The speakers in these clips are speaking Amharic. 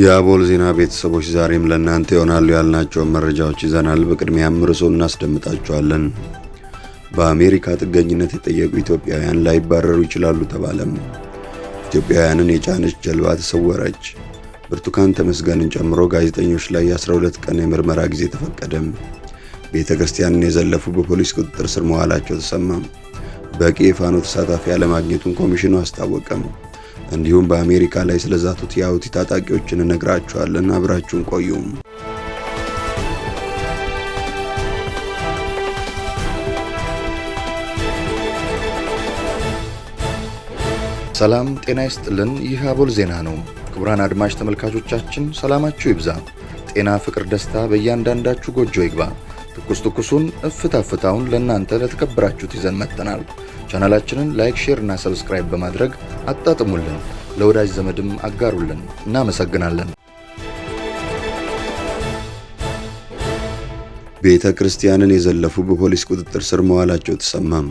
የአቦል ዜና ቤተሰቦች ዛሬም ለእናንተ ይሆናሉ ያልናቸውን መረጃዎች ይዘናል። በቅድሚያም ርዕሱን እናስደምጣቸዋለን። በአሜሪካ ጥገኝነት የጠየቁ ኢትዮጵያውያን ላይባረሩ ይችላሉ ተባለም። ኢትዮጵያውያንን የጫነች ጀልባ ተሰወረች። ብርቱካን ተመስገንን ጨምሮ ጋዜጠኞች ላይ የ12 ቀን የምርመራ ጊዜ ተፈቀደም። ቤተ ክርስቲያንን የዘለፉ በፖሊስ ቁጥጥር ስር መዋላቸው ተሰማም በቂ የፋኖ ተሳታፊ አለማግኘቱን ኮሚሽኑ አስታወቀም። እንዲሁም በአሜሪካ ላይ ስለዛቱት የአውቲ ታጣቂዎችን እነግራችኋለን። አብራችሁን ቆዩም። ሰላም ጤና ይስጥልን። ይህ አቦል ዜና ነው። ክቡራን አድማጭ ተመልካቾቻችን ሰላማችሁ ይብዛ፣ ጤና፣ ፍቅር፣ ደስታ በእያንዳንዳችሁ ጎጆ ይግባ። ትኩስ ትኩሱን እፍታ ፍታውን ለእናንተ ለተከበራችሁት ይዘን መጥተናል። ቻናላችንን ላይክ፣ ሼር እና ሰብስክራይብ በማድረግ አጣጥሙልን፣ ለወዳጅ ዘመድም አጋሩልን። እናመሰግናለን። ቤተ ክርስቲያንን የዘለፉ በፖሊስ ቁጥጥር ስር መዋላቸው ተሰማም።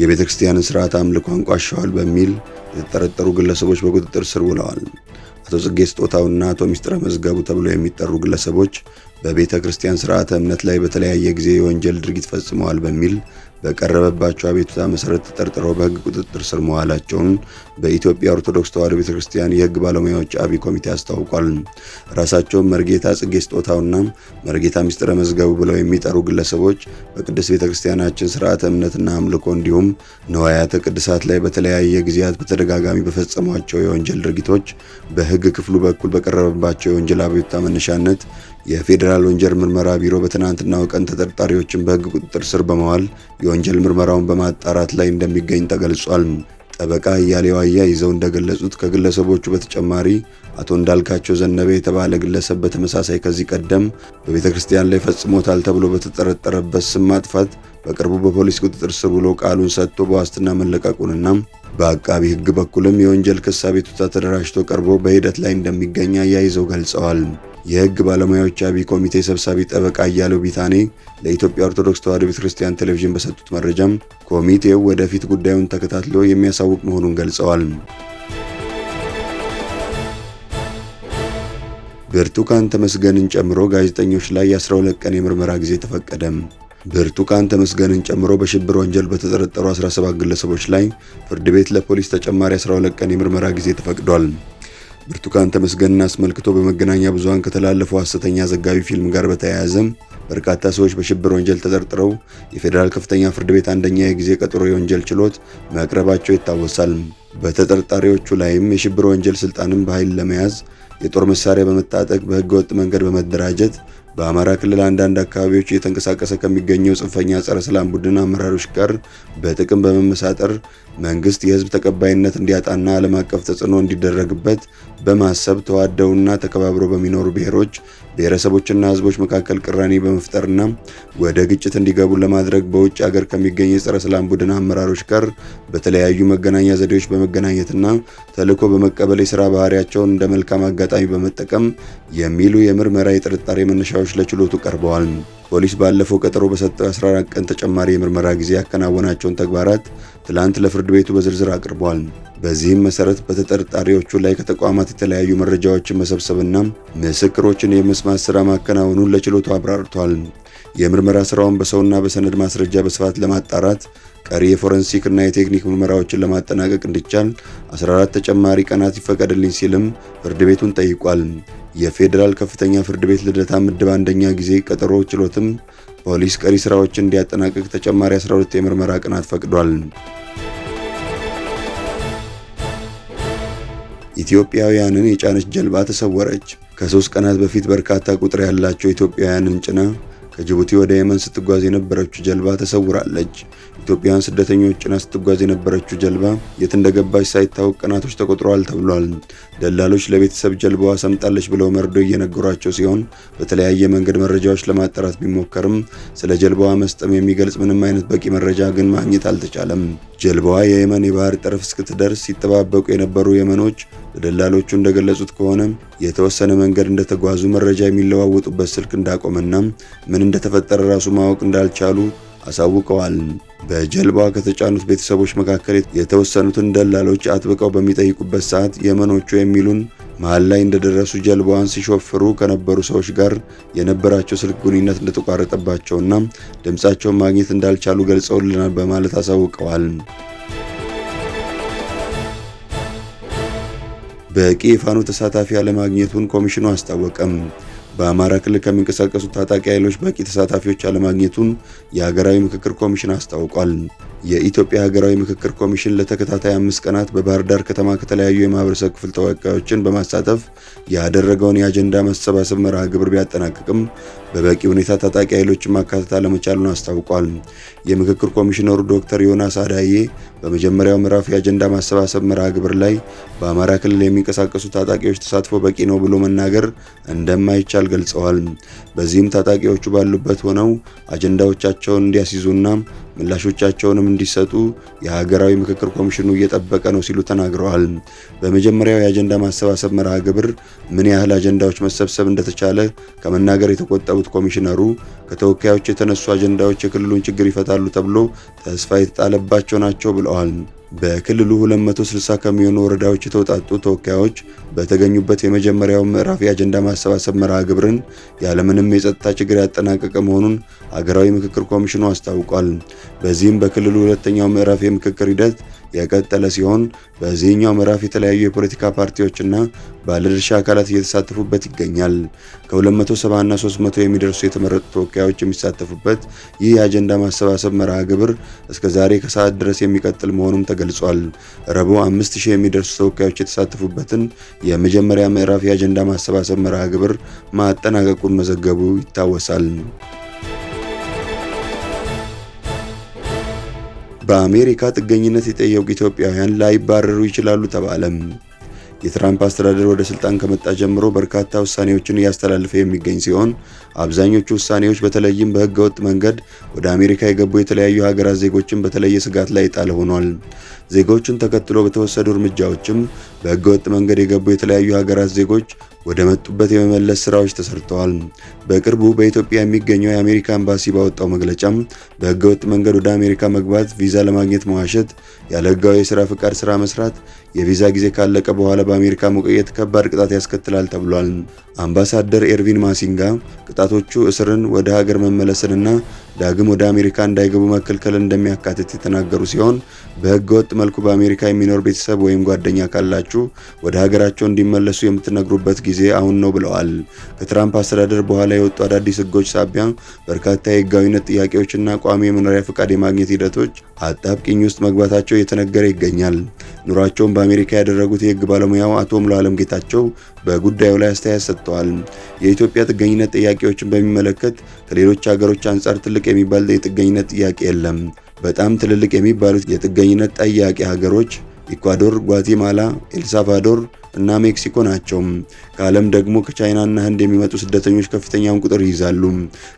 የቤተ ክርስቲያንን ስርዓት አምልኮ አንቋሸዋል በሚል የተጠረጠሩ ግለሰቦች በቁጥጥር ስር ውለዋል። አቶ ጽጌ ስጦታውና አቶ ሚስጥረ መዝገቡ ተብለው የሚጠሩ ግለሰቦች በቤተ ክርስቲያን ስርዓተ እምነት ላይ በተለያየ ጊዜ የወንጀል ድርጊት ፈጽመዋል በሚል በቀረበባቸው አቤቱታ መሰረት ተጠርጥረው በህግ ቁጥጥር ስር መዋላቸውን በኢትዮጵያ ኦርቶዶክስ ተዋሕዶ ቤተ ክርስቲያን የህግ ባለሙያዎች አብይ ኮሚቴ አስታውቋል። ራሳቸውን መርጌታ ጽጌ ስጦታውና መርጌታ ሚስጥረ መዝገቡ ብለው የሚጠሩ ግለሰቦች በቅድስት ቤተ ክርስቲያናችን ስርዓተ እምነትና አምልኮ እንዲሁም ንዋያተ ቅድሳት ላይ በተለያየ ጊዜያት በተደጋጋሚ በፈጸሟቸው የወንጀል ድርጊቶች በህግ ክፍሉ በኩል በቀረበባቸው የወንጀል አቤቱታ መነሻነት የፌዴራል ወንጀል ምርመራ ቢሮ በትናንትናው ቀን ተጠርጣሪዎችን በህግ ቁጥጥር ስር በመዋል የወንጀል ምርመራውን በማጣራት ላይ እንደሚገኝ ተገልጿል። ጠበቃ እያሌው አያይዘው እንደገለጹት ከግለሰቦቹ በተጨማሪ አቶ እንዳልካቸው ዘነበ የተባለ ግለሰብ በተመሳሳይ ከዚህ ቀደም በቤተ ክርስቲያን ላይ ፈጽሞታል ተብሎ በተጠረጠረበት ስም ማጥፋት በቅርቡ በፖሊስ ቁጥጥር ስር ውሎ ቃሉን ሰጥቶ በዋስትና መለቀቁንና በአቃቢ ህግ በኩልም የወንጀል ክስ አቤቱታ ተደራጅቶ ቀርቦ በሂደት ላይ እንደሚገኝ አያይዘው ገልጸዋል። የህግ ባለሙያዎች አብይ ኮሚቴ ሰብሳቢ ጠበቃ እያለው ቢታኔ ለኢትዮጵያ ኦርቶዶክስ ተዋሕዶ ቤተክርስቲያን ቴሌቪዥን በሰጡት መረጃም ኮሚቴው ወደፊት ጉዳዩን ተከታትሎ የሚያሳውቅ መሆኑን ገልጸዋል። ብርቱካን ተመስገንን ጨምሮ ጋዜጠኞች ላይ የ12 ቀን የምርመራ ጊዜ ተፈቀደም። ብርቱካን ተመስገንን ጨምሮ በሽብር ወንጀል በተጠረጠሩ 17 ግለሰቦች ላይ ፍርድ ቤት ለፖሊስ ተጨማሪ 12 ቀን የምርመራ ጊዜ ተፈቅዷል። ብርቱካን ተመስገንን አስመልክቶ በመገናኛ ብዙሃን ከተላለፈው ሐሰተኛ ዘጋቢ ፊልም ጋር በተያያዘም በርካታ ሰዎች በሽብር ወንጀል ተጠርጥረው የፌዴራል ከፍተኛ ፍርድ ቤት አንደኛ የጊዜ ቀጠሮ የወንጀል ችሎት መቅረባቸው ይታወሳል። በተጠርጣሪዎቹ ላይም የሽብር ወንጀል ስልጣንን በኃይል ለመያዝ የጦር መሳሪያ በመታጠቅ በህገወጥ ወጥ መንገድ በመደራጀት በአማራ ክልል አንዳንድ አካባቢዎች እየተንቀሳቀሰ ከሚገኘው ጽንፈኛ ጸረ ሰላም ቡድን አመራሮች ጋር በጥቅም በመመሳጠር መንግስት የህዝብ ተቀባይነት እንዲያጣና ዓለም አቀፍ ተጽዕኖ እንዲደረግበት በማሰብ ተዋደውና ተከባብረው በሚኖሩ ብሔሮች ብሔረሰቦችና ህዝቦች መካከል ቅራኔ በመፍጠርና ወደ ግጭት እንዲገቡ ለማድረግ በውጭ ሀገር ከሚገኙ የጸረ ሰላም ቡድን አመራሮች ጋር በተለያዩ መገናኛ ዘዴዎች በመገናኘትና ተልዕኮ በመቀበል የስራ ባህሪያቸውን እንደ መልካም አጋጣሚ በመጠቀም የሚሉ የምርመራ የጥርጣሬ መነሻዎች ለችሎቱ ቀርበዋል። ፖሊስ ባለፈው ቀጠሮ በሰጠው 14 ቀን ተጨማሪ የምርመራ ጊዜ ያከናወናቸውን ተግባራት ትላንት ለፍርድ ቤቱ በዝርዝር አቅርቧል። በዚህም መሰረት በተጠርጣሪዎቹ ላይ ከተቋማት የተለያዩ መረጃዎችን መሰብሰብና ምስክሮችን የመስማት ስራ ማከናወኑን ለችሎቱ አብራርቷል። የምርመራ ስራውን በሰውና በሰነድ ማስረጃ በስፋት ለማጣራት ቀሪ የፎረንሲክ እና የቴክኒክ ምርመራዎችን ለማጠናቀቅ እንዲቻል 14 ተጨማሪ ቀናት ይፈቀድልኝ ሲልም ፍርድ ቤቱን ጠይቋል። የፌዴራል ከፍተኛ ፍርድ ቤት ልደታ ምድብ አንደኛ ጊዜ ቀጠሮ ችሎትም ፖሊስ ቀሪ ስራዎችን እንዲያጠናቅቅ ተጨማሪ 12 የምርመራ ቀናት ፈቅዷል። ኢትዮጵያውያንን የጫነች ጀልባ ተሰወረች። ከሶስት ቀናት በፊት በርካታ ቁጥር ያላቸው ኢትዮጵያውያንን ጭና ከጅቡቲ ወደ የመን ስትጓዝ የነበረችው ጀልባ ተሰውራለች። ኢትዮጵያውያን ስደተኞች ጭና ስትጓዝ የነበረችው ጀልባ የት እንደገባች ሳይታወቅ ቀናቶች ተቆጥረዋል ተብሏል። ደላሎች ለቤተሰብ ጀልባዋ ሰምጣለች ብለው መርዶ እየነገሯቸው ሲሆን በተለያየ መንገድ መረጃዎች ለማጣራት ቢሞከርም ስለ ጀልባዋ መስጠም የሚገልጽ ምንም አይነት በቂ መረጃ ግን ማግኘት አልተቻለም። ጀልባዋ የየመን የባህር ጠረፍ እስክትደርስ ሲጠባበቁ የነበሩ የመኖች ለደላሎቹ እንደገለጹት ከሆነ የተወሰነ መንገድ እንደተጓዙ መረጃ የሚለዋወጡበት ስልክ እንዳቆመና ምን እንደተፈጠረ ራሱ ማወቅ እንዳልቻሉ አሳውቀዋል። በጀልባዋ ከተጫኑት ቤተሰቦች መካከል የተወሰኑትን ደላሎች አጥብቀው በሚጠይቁበት ሰዓት የመኖቹ የሚሉን መሀል ላይ እንደደረሱ ጀልባዋን ሲሾፍሩ ከነበሩ ሰዎች ጋር የነበራቸው ስልክ ግንኙነት እንደተቋረጠባቸውና ድምፃቸውን ማግኘት እንዳልቻሉ ገልጸውልናል በማለት አሳውቀዋል። በቂ የፋኖ ተሳታፊ አለማግኘቱን ኮሚሽኑ አስታወቀም። በአማራ ክልል ከሚንቀሳቀሱ ታጣቂ ኃይሎች በቂ ተሳታፊዎች አለማግኘቱን የሀገራዊ ምክክር ኮሚሽን አስታውቋል። የኢትዮጵያ ሀገራዊ ምክክር ኮሚሽን ለተከታታይ አምስት ቀናት በባህር ዳር ከተማ ከተለያዩ የማህበረሰብ ክፍል ተወካዮችን በማሳተፍ ያደረገውን የአጀንዳ ማሰባሰብ መርሃ ግብር ቢያጠናቅቅም በበቂ ሁኔታ ታጣቂ ኃይሎችን ማካተት አለመቻሉን አስታውቋል። የምክክር ኮሚሽነሩ ዶክተር ዮናስ አዳዬ በመጀመሪያው ምዕራፍ የአጀንዳ ማሰባሰብ መርሃ ግብር ላይ በአማራ ክልል የሚንቀሳቀሱ ታጣቂዎች ተሳትፎ በቂ ነው ብሎ መናገር እንደማይቻል ገልጸዋል። በዚህም ታጣቂዎቹ ባሉበት ሆነው አጀንዳዎቻቸውን እንዲያስይዙና ምላሾቻቸውንም እንዲሰጡ የሀገራዊ ምክክር ኮሚሽኑ እየጠበቀ ነው ሲሉ ተናግረዋል። በመጀመሪያው የአጀንዳ ማሰባሰብ መርሃ ግብር ምን ያህል አጀንዳዎች መሰብሰብ እንደተቻለ ከመናገር የተቆጠቡት ኮሚሽነሩ ከተወካዮች የተነሱ አጀንዳዎች የክልሉን ችግር ይፈታሉ ተብሎ ተስፋ የተጣለባቸው ናቸው ብለዋል። በክልሉ 260 ከሚሆኑ ወረዳዎች የተውጣጡ ተወካዮች በተገኙበት የመጀመሪያው ምዕራፍ የአጀንዳ ማሰባሰብ መርሃ ግብርን ያለምንም የጸጥታ ችግር ያጠናቀቀ መሆኑን ሀገራዊ ምክክር ኮሚሽኑ አስታውቋል። በዚህም በክልሉ ሁለተኛው ምዕራፍ የምክክር ሂደት የቀጠለ ሲሆን በዚህኛው ምዕራፍ የተለያዩ የፖለቲካ ፓርቲዎችና ባለድርሻ አካላት እየተሳተፉበት ይገኛል። ከ270 እና 300 የሚደርሱ የተመረጡ ተወካዮች የሚሳተፉበት ይህ የአጀንዳ ማሰባሰብ መርሃ ግብር እስከ ዛሬ ከሰዓት ድረስ የሚቀጥል መሆኑም ተገልጿል። ረቡዕ 5000 የሚደርሱ ተወካዮች የተሳተፉበትን የመጀመሪያ ምዕራፍ የአጀንዳ ማሰባሰብ መርሃ ግብር ማጠናቀቁን መዘገቡ ይታወሳል። በአሜሪካ ጥገኝነት የጠየቁ ኢትዮጵያውያን ላይባረሩ ይችላሉ ተባለም። የትራምፕ አስተዳደር ወደ ስልጣን ከመጣ ጀምሮ በርካታ ውሳኔዎችን እያስተላለፈ የሚገኝ ሲሆን አብዛኞቹ ውሳኔዎች በተለይም በህገወጥ መንገድ ወደ አሜሪካ የገቡ የተለያዩ ሀገራት ዜጎችን በተለየ ስጋት ላይ የጣለ ሆኗል። ዜጎቹን ተከትሎ በተወሰዱ እርምጃዎችም በህገወጥ መንገድ የገቡ የተለያዩ ሀገራት ዜጎች ወደ መጡበት የመመለስ ስራዎች ተሰርተዋል። በቅርቡ በኢትዮጵያ የሚገኘው የአሜሪካ ኤምባሲ ባወጣው መግለጫም በህገወጥ መንገድ ወደ አሜሪካ መግባት፣ ቪዛ ለማግኘት መዋሸት፣ ያለ ህጋዊ የስራ ፍቃድ ስራ መስራት፣ የቪዛ ጊዜ ካለቀ በኋላ በአሜሪካ መቆየት ከባድ ቅጣት ያስከትላል ተብሏል። አምባሳደር ኤርቪን ማሲንጋ ቅጣቶቹ እስርን፣ ወደ ሀገር መመለስንና ዳግም ወደ አሜሪካ እንዳይገቡ መከልከል እንደሚያካትት የተናገሩ ሲሆን በህገ ወጥ መልኩ በአሜሪካ የሚኖር ቤተሰብ ወይም ጓደኛ ካላችሁ ወደ ሀገራቸው እንዲመለሱ የምትነግሩበት ጊዜ አሁን ነው ብለዋል። ከትራምፕ አስተዳደር በኋላ የወጡ አዳዲስ ህጎች ሳቢያ በርካታ የህጋዊነት ጥያቄዎችና ቋሚ የመኖሪያ ፈቃድ የማግኘት ሂደቶች አጣብቂኝ ውስጥ መግባታቸው እየተነገረ ይገኛል። ኑሯቸውን በአሜሪካ ያደረጉት የህግ ባለሙያው አቶ ሙሉ አለም ጌታቸው በጉዳዩ ላይ አስተያየት ሰጥተዋል። የኢትዮጵያ ጥገኝነት ጥያቄዎችን በሚመለከት ከሌሎች ሀገሮች አንጻር ትልቅ የሚባል የጥገኝነት ጥያቄ የለም። በጣም ትልልቅ የሚባሉት የጥገኝነት ጠያቂ ሀገሮች ኢኳዶር፣ ጓቲማላ፣ ኤልሳልቫዶር እና ሜክሲኮ ናቸው። ከዓለም ደግሞ ከቻይናና ህንድ የሚመጡ ስደተኞች ከፍተኛውን ቁጥር ይይዛሉ።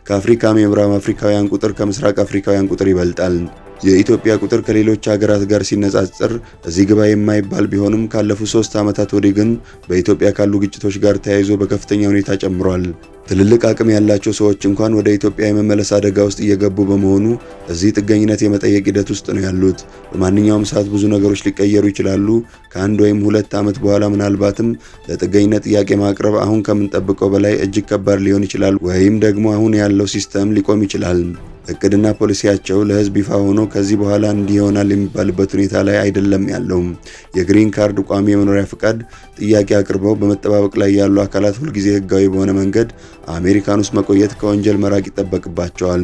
ከአፍሪካም የምዕራብ አፍሪካውያን ቁጥር ከምስራቅ አፍሪካውያን ቁጥር ይበልጣል። የኢትዮጵያ ቁጥር ከሌሎች ሀገራት ጋር ሲነጻጸር እዚህ ግባ የማይባል ቢሆንም ካለፉት ሶስት ዓመታት ወዲህ ግን በኢትዮጵያ ካሉ ግጭቶች ጋር ተያይዞ በከፍተኛ ሁኔታ ጨምሯል። ትልልቅ አቅም ያላቸው ሰዎች እንኳን ወደ ኢትዮጵያ የመመለስ አደጋ ውስጥ እየገቡ በመሆኑ እዚህ ጥገኝነት የመጠየቅ ሂደት ውስጥ ነው ያሉት። በማንኛውም ሰዓት ብዙ ነገሮች ሊቀየሩ ይችላሉ። ከአንድ ወይም ሁለት ዓመት በኋላ ምናልባትም ለጥገኝነት ጥያቄ ማቅረብ አሁን ከምንጠብቀው በላይ እጅግ ከባድ ሊሆን ይችላል፣ ወይም ደግሞ አሁን ያለው ሲስተም ሊቆም ይችላል። እቅድና ፖሊሲያቸው ለህዝብ ይፋ ሆኖ ከዚህ በኋላ እንዲህ ይሆናል የሚባልበት ሁኔታ ላይ አይደለም ያለው። የግሪን ካርድ ቋሚ የመኖሪያ ፍቃድ ጥያቄ አቅርበው በመጠባበቅ ላይ ያሉ አካላት ሁልጊዜ ህጋዊ በሆነ መንገድ አሜሪካን ውስጥ መቆየት ከወንጀል መራቅ ይጠበቅባቸዋል።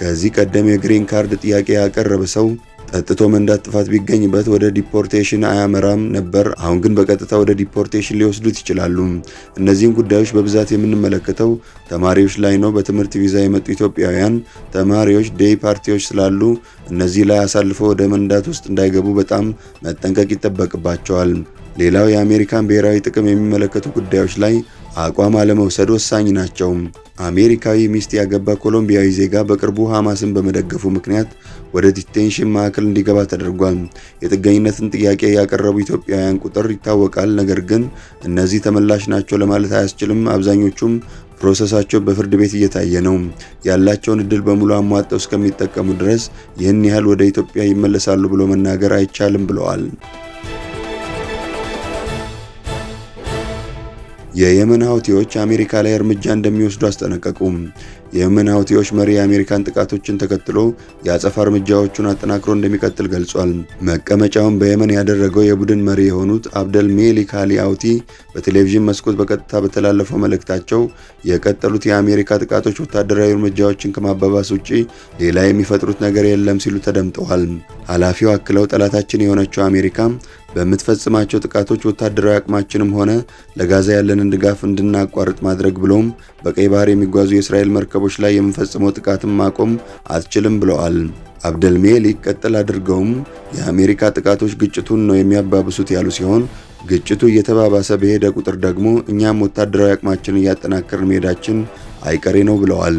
ከዚህ ቀደም የግሪን ካርድ ጥያቄ ያቀረበ ሰው ጠጥቶ መንዳት ጥፋት ቢገኝበት ወደ ዲፖርቴሽን አያመራም ነበር። አሁን ግን በቀጥታ ወደ ዲፖርቴሽን ሊወስዱት ይችላሉ። እነዚህን ጉዳዮች በብዛት የምንመለከተው ተማሪዎች ላይ ነው። በትምህርት ቪዛ የመጡ ኢትዮጵያውያን ተማሪዎች ዴይ ፓርቲዎች ስላሉ እነዚህ ላይ አሳልፎ ወደ መንዳት ውስጥ እንዳይገቡ በጣም መጠንቀቅ ይጠበቅባቸዋል። ሌላው የአሜሪካን ብሔራዊ ጥቅም የሚመለከቱ ጉዳዮች ላይ አቋም አለመውሰድ ወሳኝ ናቸው። አሜሪካዊ ሚስት ያገባ ኮሎምቢያዊ ዜጋ በቅርቡ ሐማስን በመደገፉ ምክንያት ወደ ዲቴንሽን ማዕከል እንዲገባ ተደርጓል። የጥገኝነትን ጥያቄ ያቀረቡ ኢትዮጵያውያን ቁጥር ይታወቃል። ነገር ግን እነዚህ ተመላሽ ናቸው ለማለት አያስችልም። አብዛኞቹም ፕሮሰሳቸው በፍርድ ቤት እየታየ ነው። ያላቸውን እድል በሙሉ አሟጠው እስከሚጠቀሙ ድረስ ይህን ያህል ወደ ኢትዮጵያ ይመለሳሉ ብሎ መናገር አይቻልም ብለዋል። የየመን ሀውቲዎች አሜሪካ ላይ እርምጃ እንደሚወስዱ አስጠነቀቁ። የየመን ሀውቲዎች መሪ የአሜሪካን ጥቃቶችን ተከትሎ የአጸፋ እርምጃዎቹን አጠናክሮ እንደሚቀጥል ገልጿል። መቀመጫውን በየመን ያደረገው የቡድን መሪ የሆኑት አብደል ሜሊክ አሊ አውቲ በቴሌቪዥን መስኮት በቀጥታ በተላለፈው መልእክታቸው የቀጠሉት የአሜሪካ ጥቃቶች ወታደራዊ እርምጃዎችን ከማባባስ ውጭ ሌላ የሚፈጥሩት ነገር የለም ሲሉ ተደምጠዋል። ኃላፊው አክለው ጠላታችን የሆነችው አሜሪካ በምትፈጽማቸው ጥቃቶች ወታደራዊ አቅማችንም ሆነ ለጋዛ ያለንን ድጋፍ እንድናቋርጥ ማድረግ ብሎም በቀይ ባህር የሚጓዙ የእስራኤል መርከቦች ላይ የምንፈጽመው ጥቃትን ማቆም አትችልም ብለዋል። አብደልሜሊክ ቀጥል አድርገውም የአሜሪካ ጥቃቶች ግጭቱን ነው የሚያባብሱት ያሉ ሲሆን ግጭቱ እየተባባሰ በሄደ ቁጥር ደግሞ እኛም ወታደራዊ አቅማችን እያጠናከርን መሄዳችን አይቀሬ ነው ብለዋል።